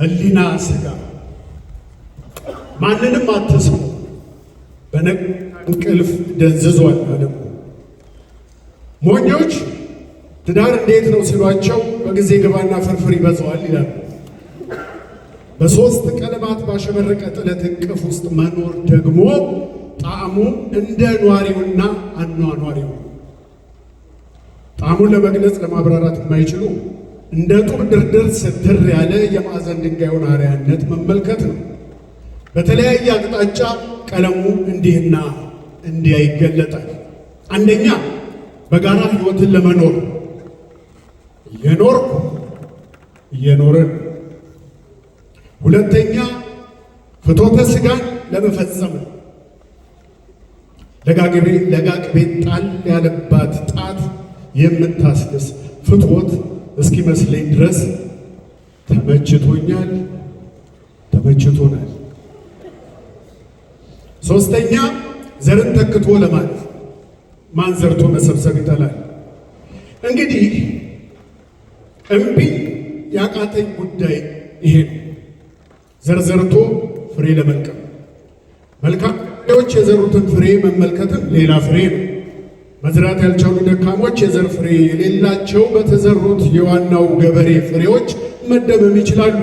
ህሊና ስጋ ማንንም አትስሙ፣ በነቅ እንቅልፍ ደንዝዟል አደሙ። ሞኞች ትዳር እንዴት ነው ሲሏቸው በጊዜ ግባና ፍርፍር ይበዛዋል ይላሉ። በሶስት ቀለማት ባሸበረቀ ጥለት እንቅፍ ውስጥ መኖር ደግሞ ጣዕሙ እንደ ኗሪውና አኗኗሪው ጣዕሙን ለመግለጽ ለማብራራት የማይችሉ እንደ ጡብ ድርድር ስትር ያለ የማዕዘን ድንጋዩን አርያነት መመልከት ነው። በተለያየ አቅጣጫ ቀለሙ እንዲህና እንዲያ ይገለጣል። አንደኛ በጋራ ሕይወትን ለመኖር እየኖርኩ እየኖርን፣ ሁለተኛ ፍቶተ ስጋን ለመፈጸም ለጋግቤ ለጋቅቤ ጣል ያለባት ጣት የምታስደስ ፍትወት እስኪመስለኝ ድረስ ተመችቶኛል፣ ተመችቶናል። ሶስተኛ ዘርን ተክቶ ለማለት ማን ዘርቶ መሰብሰብ ይጠላል። እንግዲህ እምቢ ያቃተኝ ጉዳይ ይሄ ነው፣ ዘር ዘርቶ ፍሬ ለመንቀም። መልካም ዎች የዘሩትን ፍሬ መመልከትም ሌላ ፍሬ ነው። መዝራት ያልቻሉ ደካሞች የዘር ፍሬ የሌላቸው በተዘሩት የዋናው ገበሬ ፍሬዎች መደመም ይችላሉ።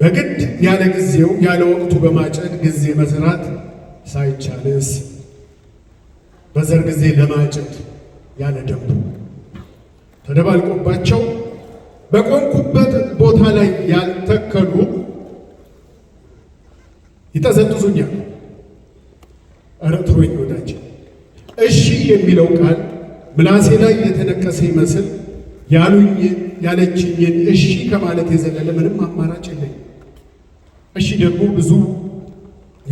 በግድ ያለ ጊዜው ያለ ወቅቱ በማጨድ ጊዜ መዝራት ሳይቻልስ በዘር ጊዜ ለማጨድ ያለ ደንቡ ተደባልቆባቸው በቆምኩበት ቦታ ላይ ያልተከሉ ይጠዘጥዙኛል። እረትሮኝ እሺ የሚለው ቃል ምላሴ ላይ የተነቀሰ ይመስል ያሉኝ ያለችኝን እሺ ከማለት የዘለለ ምንም አማራጭ የለኝ። እሺ ደግሞ ብዙ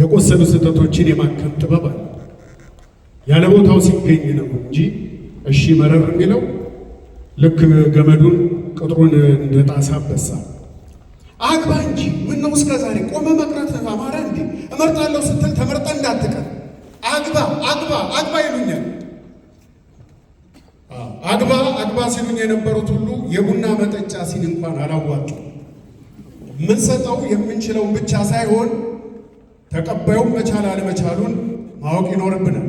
የቆሰሉ ስህተቶችን የማከም ጥበብ አለ። ያለ ቦታው ሲገኝ ነው እንጂ እሺ መረር የሚለው ልክ ገመዱን ቅጥሩን እንደጣሳ በሳ አግባ እንጂ ምነው እስከ ዛሬ ቆመ መቅረት አማራ እንዴ? እመርጣለሁ ስትል ተመርጠ እንዳትቀር አግባ አግባ አግባ ይሉኛል። አግባ አግባ ሲሉኝ የነበሩት ሁሉ የቡና መጠጫ ሲል እንኳን አላዋጡ። የምንሰጠው የምንችለውን ብቻ ሳይሆን ተቀባዩን መቻል አለመቻሉን ማወቅ ይኖርብናል።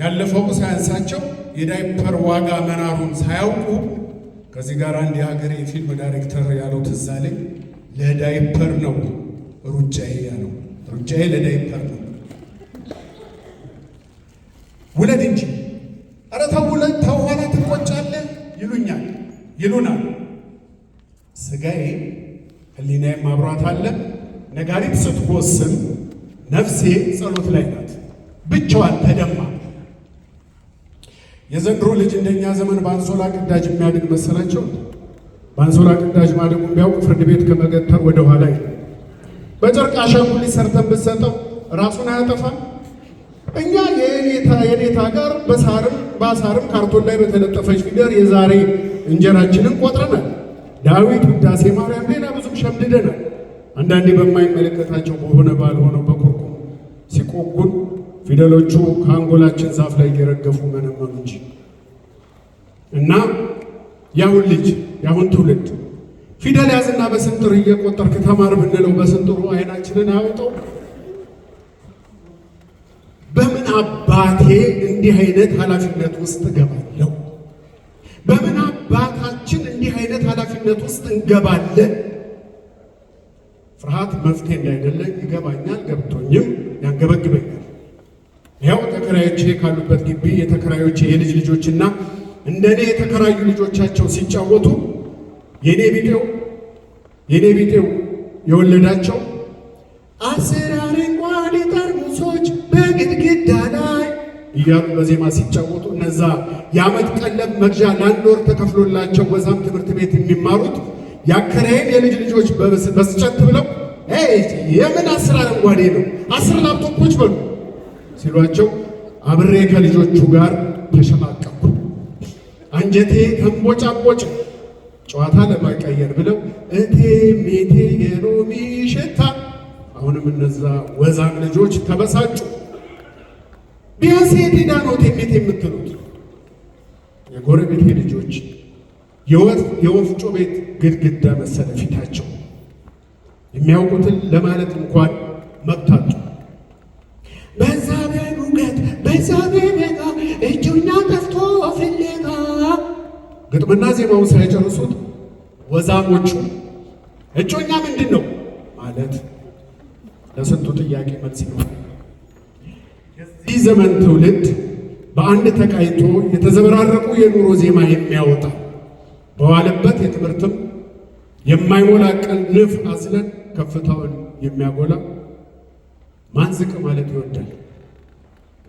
ያለፈው ሳያንሳቸው የዳይፐር ዋጋ መናሩን ሳያውቁ ከዚህ ጋር አንድ የሀገር የፊልም ዳይሬክተር ያለው ትዝ አለኝ። ለዳይፐር ነው ሩጫዬ ያለው ሩጫዬ ለዳይፐር ውለድ እንጂ ኧረ ተው ውለድ ተው ኋላ ትቆጫለህ ይሉኛል ይሉናል። ስጋዬ ህሊናዬ ማብራት አለ። ነጋሪት ስትጎስም ነፍሴ ጸሎት ላይ ናት፣ ብቻዋን ተደማ። የዘንድሮ ልጅ እንደኛ ዘመን በአንሶላ ቅዳጅ የሚያድግ መሰላቸው። በአንሶላ ቅዳጅ ማደጉ ቢያውቅ ፍርድ ቤት ከመገተር ወደኋላ በጨርቅ አሻንጉሊት ሰርተን ብትሰጠው ራሱን አያጠፋም። እኛ የኔታ የኔታ ጋር በሳርም በአሳርም ካርቶን ላይ በተለጠፈች ፊደል የዛሬ እንጀራችንን ቆጥረናል። ዳዊት፣ ውዳሴ ማርያም፣ ሌላ ብዙም ሸምድደናል። አንዳንዴ በማይመለከታቸው በሆነ ባልሆነው በኩርኩም ሲቆጉን ፊደሎቹ ከአንጎላችን ዛፍ ላይ እየረገፉ መነመኑ እንጂ እና ያሁን ልጅ ያሁን ትውልድ ፊደል ያዝና በስንጥር እየቆጠርክ ተማር ብንለው በስንጥሩ አይናችንን አውጠው በምን አባቴ እንዲህ አይነት ኃላፊነት ውስጥ እገባለሁ? በምን አባታችን እንዲህ አይነት ኃላፊነት ውስጥ እንገባለን? ፍርሃት መፍትሄ እንዳይደለ ይገባኛል፣ ገብቶኝም ያንገበግበኛል። ያው ተከራዮቼ ካሉበት ግቢ የተከራዮቼ የልጅ ልጆችና እንደኔ የተከራዩ ልጆቻቸው ሲጫወቱ የኔ ቢጤው የኔ ቢጤው የወለዳቸው አስር እያሉ በዜማ ሲጫወቱ እነዛ የዓመት ቀለብ መግዣ ለአንድ ወር ተከፍሎላቸው ወዛም ትምህርት ቤት የሚማሩት የአከራይን የልጅ ልጆች በስጨት ብለው የምን አስር አረንጓዴ ነው አስር ላፕቶፖች በሉ ሲሏቸው አብሬ ከልጆቹ ጋር ተሸማቀቁ። አንጀቴ ከምቦጫቦጭ ጨዋታ ለማቀየር ብለው እቴ ሜቴ የሎሚ ሽታ አሁንም እነዛ ወዛም ልጆች ተበሳጩ። ቢያንስ የቴዳ ነው ቴሜት የምትሉት የጎረቤቴ ልጆች የወፍጮ ቤት ግድግዳ መሰለ ፊታቸው የሚያውቁትን ለማለት እንኳን መብታጡ በእግዚአብሔር ውገት በእግዚአብሔር በጋ እጁና ከፍቶ ፍለጋ ግጥምና ዜማውን ሳይጨርሱት ወዛሞቹ እጮኛ ምንድን ነው ማለት ለስንቱ ጥያቄ መልስ ይሆናል። የዚህ ዘመን ትውልድ በአንድ ተቃይቶ የተዘበራረቁ የኑሮ ዜማ የሚያወጣ በዋለበት የትምህርትም የማይሞላ ንፍ አዝለን ከፍታውን የሚያጎላ ማን ዝቅ ማለት ይወዳል?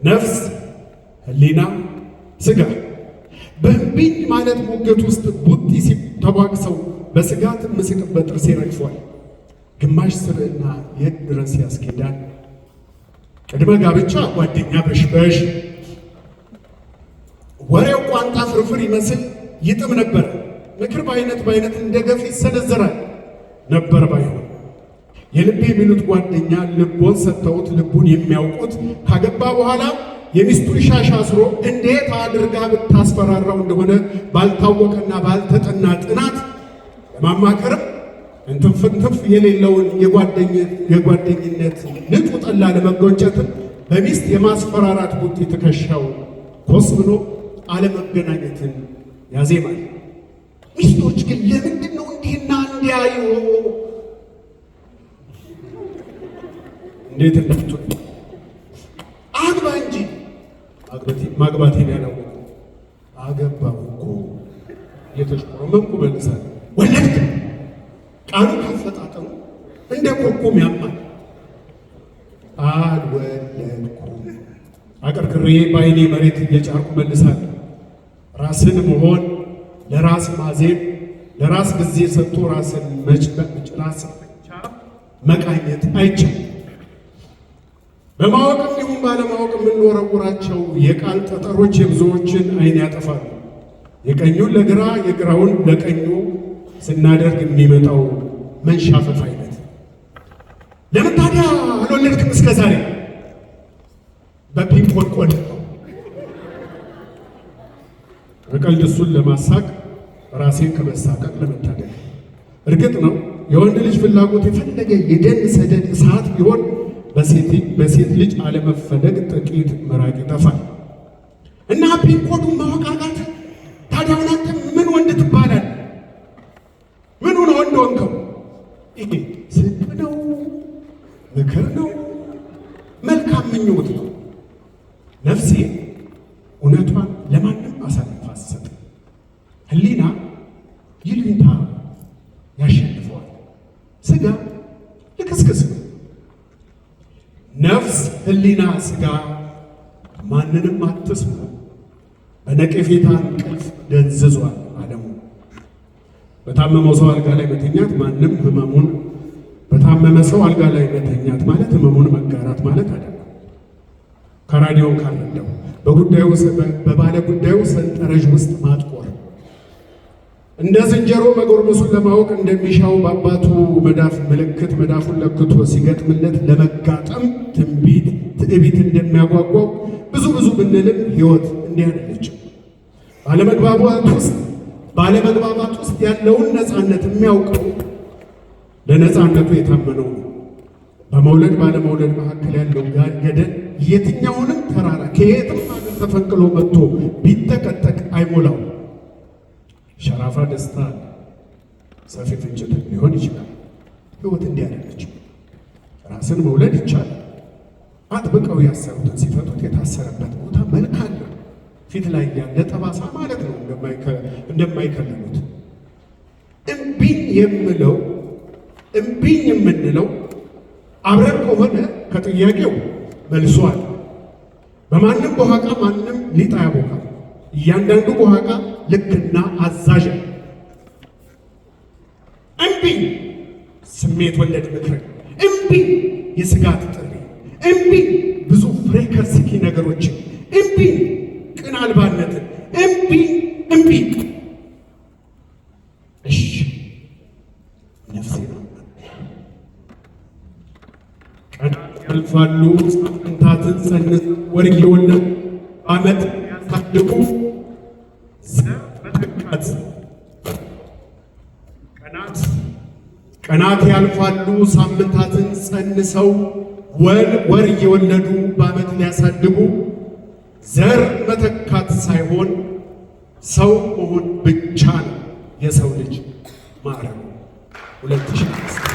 ነፍስ፣ ህሊና፣ ስጋ በእምቢኝ ማለት ሞገድ ውስጥ ቡጢ ተቧግሰው በስጋት ምስቅበት ጥርሴ ረግፏል። ግማሽ ስብዕና የት ድረስ ያስኬዳል? ቅድመ ጋብቻ ጓደኛ በሽበሽ ወሬው ቋንጣ ፍርፍር ይመስል ይጥም ነበር። ምክር በአይነት በአይነት እንደ ገፍ ይሰነዘራል ነበር። ባይሆን የልብ የሚሉት ጓደኛ ልቦን ሰጥተውት ልቡን የሚያውቁት ካገባ በኋላ የሚስቱን ሻሽ አስሮ እንዴት አድርጋ ብታስፈራራው እንደሆነ ባልታወቀና ባልተጠና ጥናት ለማማከርም እንትፍንትፍ የሌለውን የጓደኝነት ንጡ ጠላ ለመጎንጨትም በሚስት የማስፈራራት ቡጢ ትከሻው ኮስ ብሎ አለመገናኘትን ያዜማል። ሚስቶች ግን ለምንድን ነው እንዲህና እንዲያዩ እንዴት እንደምቱ አግባ እንጂ ማግባቴን ያላወቁ አገባሁ እኮ የተሽቆመምኩ መልሳለሁ ቃሉ ካፈጣጠሙ እንደ ኮኮም ያማል። አልወለድኩም አቀርቅሬ ባይኔ መሬት እየጫርኩ መልሳለሁ። ራስን መሆን ለራስ ማዜም ለራስ ጊዜ ሰጥቶ ራስን መጭበጭ ራስ ብቻ መቃኘት አይቻልም። በማወቅ እንዲሁም ባለማወቅ የምንወረውራቸው የቃል ጠጠሮች የብዙዎችን አይን ያጠፋሉ። የቀኙን ለግራ የግራውን ለቀኙ ስናደርግ የሚመጣው መንሻፈፍ አይነት። ለምን ታዲያ አልወለድክም እስከ ዛሬ? በፒንቆንቆን በቀልድ እሱን ለማሳቅ ራሴን ከመሳቀቅ ለመታደግ። እርግጥ ነው የወንድ ልጅ ፍላጎት የፈለገ የደን ሰደድ እሳት ቢሆን በሴት ልጅ አለመፈለግ ጥቂት ምራቅ ይጠፋል እና ፒንኮዱን ማወቅ ምኞት ነው። ነፍሴ እውነቷን ለማንም አሳልፋ አትሰጥ። ሕሊና ይሉኝታ ያሸንፈዋል። ስጋ ልክስክስ ነው። ነፍስ፣ ህሊና፣ ስጋ ማንንም አትስሙ። በነቀፌታ እንቅልፍ ደንዝዟል ዓለሙ። በታመመው ሰው አልጋ ላይ መተኛት ማንም ህመሙን በታመመ ሰው አልጋ ላይ መተኛት ማለት ህመሙን መጋራት ማለት አይደለም። ከራዲዮ ካልነዳው በጉዳዩ በባለ ጉዳዩ ሰንጠረዥ ውስጥ ማጥቆር እንደ ዝንጀሮ መጎርመሱን ለማወቅ እንደሚሻው በአባቱ መዳፍ ምልክት መዳፉን ለክቶ ሲገጥምለት ለመጋጠም ትንቢት ትዕቢት እንደሚያጓጓው ብዙ ብዙ ብንልም ሕይወት እንዲህ ባለመግባባት ውስጥ ባለመግባባት ውስጥ ያለውን ነፃነት የሚያውቀው ለነፃነቱ የታመነው ነው። በመውለድ ባለመውለድ መካከል ያለው ገደል የትኛውንም ተራራ ከየትም ሀገር ተፈንቅሎ መጥቶ ቢጠቀጠቅ አይሞላው። ሸራፋ ደስታ ሰፊ ፍንጭት ሊሆን ይችላል። ህይወት እንዲያደረች ራስን መውለድ ይቻላል። አጥብቀው ያሰሩትን ሲፈቱት የታሰረበት ቦታ መልክ አለ። ፊት ላይ ያለ ጠባሳ ማለት ነው እንደማይከልሉት እምቢኝ የምለው እምቢኝ የምንለው አብረን ከሆነ ከጥያቄው መልሷል። በማንም ቦሃቃ ማንም ሊጥ አያቦካም። እያንዳንዱ ቦሃቃ ልክና አዛዥ እምቢ ስሜት ወለድ ምክር፣ እምቢ የስጋት ጥሪ፣ እምቢ ብዙ ፍሬ ከስኪ ነገሮችን፣ እምቢ ቅን አልባነትን፣ እምቢ እምቢ እሺ ነፍሴ ነው ቀን ያልፋሉ ወርጌውና በዓመት ያሳደጉ መተካት ቀናት ቀናት ያልፋሉ ሳምንታትን ጸንሰው ወል ወር እየወለዱ በዓመት ሊያሳድጉ ዘር መተካት ሳይሆን ሰው መሆን ብቻ ነው የሰው ልጅ ማረም 2005